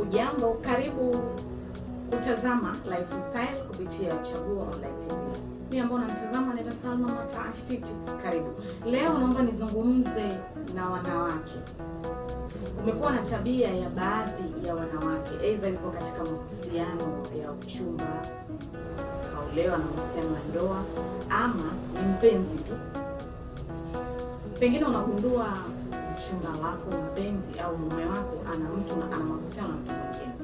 Ujambo, karibu kutazama Lifestyle kupitia Chaguo Online TV. Mimi ambao namtazama nena Salma Mataashtiti, karibu. Leo naomba nizungumze na wanawake. Kumekuwa na tabia ya baadhi ya wanawake, aidha ipo katika mahusiano ya uchumba, leo na mahusiano ya ndoa, ama ni mpenzi tu. Pengine unagundua mchumba wako mpenzi au ana mtu na ana mahusiano na mtu mwingine.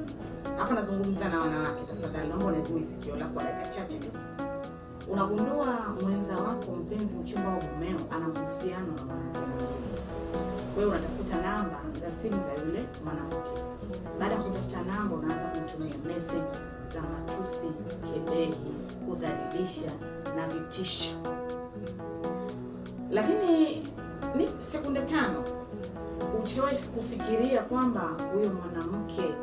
Hapa nazungumza na wanawake, tafadhali naomba unazime sikio lako dakika chache tu. Unagundua mwenza wako mpenzi, mchumba au mumeo ana mahusiano na mwanamke mwingine, wewe unatafuta namba za simu za yule mwanamke. Baada ya kutafuta namba, unaanza kumtumia message za matusi, kebehi, kudhalilisha na vitisho, lakini ni sekunde tano ulishawahi kufikiria kwamba huyo mwanamke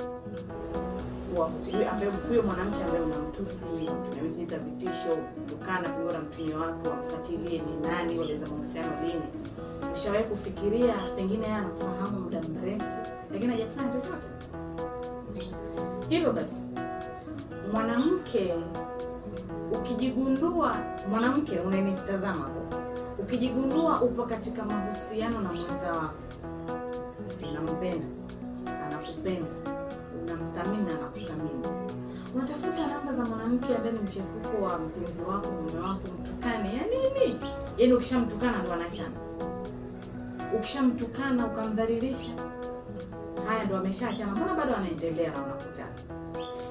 huyo mwanamke ambaye unamtusi, unatumia vitisho, kukana kuona mtumio wako afuatilie ni nani, walianza mahusiano lini? Ushawahi kufikiria pengine yeye anakufahamu muda mrefu, lakini hajafanya chochote? Hivyo basi mwanamke ukijigundua, mwanamke unanitazama hapo, ukijigundua upo katika mahusiano na mwenza wako unampenda, anakupenda, unamthamini na anakuthamini. Unatafuta namba za mwanamke ambaye ni mchepuko wa mpenzi wako, mume wako, mtukane ya yaani nini? Yaani ukishamtukana ndo anachana, ukishamtukana ukamdhalilisha, haya ndo ameshaachana, mbona bado anaendelea na unakutana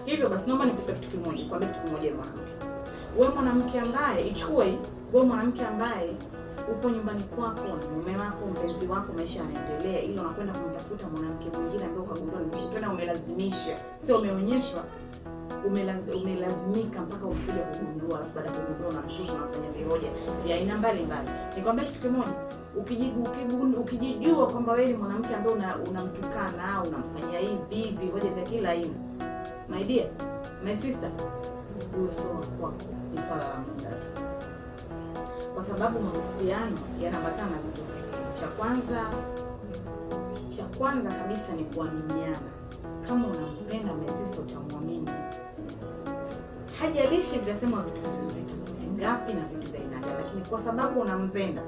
hivyo? Basi naomba nikupe kitu kimoja, kuambia kitu kimoja mwanamke we mwanamke ambaye ichue, we mwanamke ambaye upo nyumbani kwako na mume wako mpenzi wako, maisha yanaendelea, ila unakwenda kumtafuta mwanamke mwingine ambaye ukagundua na umelazimisha, sio umeonyeshwa, umelazimika mpaka ukuja kugundua, alafu baada ya kugundua unamtusa, unafanya vihoja vya aina mbalimbali. Nikwambia kitu kimoja, ukijijua kwamba wewe ni mwanamke ambaye unamtukana, unamfanyia hivi hivi, hoja za kila aina My dear, my sister, kuosoa kwako ni swala la muda tu, kwa sababu mahusiano yanaambatana na vitu vingi. Cha kwanza, cha kwanza kabisa ni kuaminiana. Kama unampenda my sister, utamwamini hajalishi vitasema vitu vitu vingapi na vitu vya aina gani, lakini kwa sababu unampenda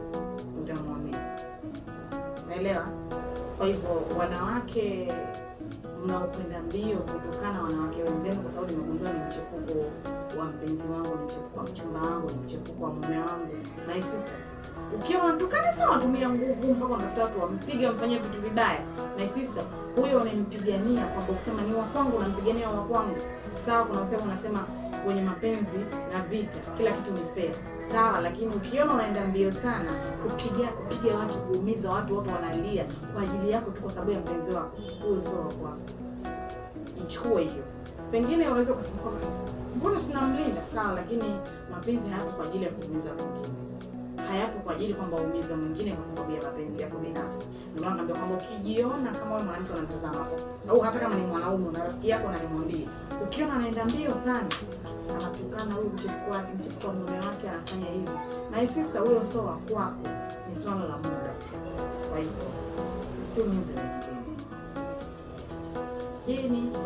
utamwamini. Naelewa? Kwa hivyo wanawake mnaopenda mbio, kutokana wanawake wenzenu, kwa sababu nimegundua ni mchepuko wa mpenzi wangu, ni mchepuko wa mchumba wangu, ni mchepuko wa mume wangu, my sister. Ukiwa unatukana sana, tumia nguvu mpaka mtafuta watu wampiga, wamfanyie vitu vibaya, my sister huyo amempigania kwamba kusema ni wa kwangu, unampigania wa kwangu. Sawa, kuna usema unasema kwenye mapenzi na vita kila kitu ni fair, sawa, lakini ukiona unaenda mbio sana kupiga kupiga watu kuumiza watu, wapo wanalia kwa ajili yako tu kwa sababu ya mpenzi wako, huyo sio wa kwako. Ichukue hiyo. Pengine unaweza kusema mbona sinamlinda, sawa, lakini mapenzi hayako kwa ajili ya kuumiza wengine hayapo kwa ajili kwamba uumiza mwingine kwa sababu ya mapenzi yako binafsi. Ndio maana kwamba ukijiona kama wewe mwanamke unamtazama au hata kama ni mwanaume na rafiki yako na nimwambie, ukiona anaenda mbio sana anatukana huyu mchepuko wake, mchepuko wa mume wake anafanya hivyo. na sister, huyo sio wa kwako, ni swala la muda. Kwa hiyo usiumize. Hii ni